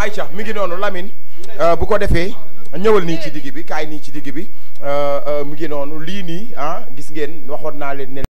Aïcha mi ngi noonu Lamine euh, bu ko defee ñëwal nii ci digg bi kaay nii ci digg bi euh, euh, mu ngi noonu lii nii ah gis ngeen waxoon naa leen ne.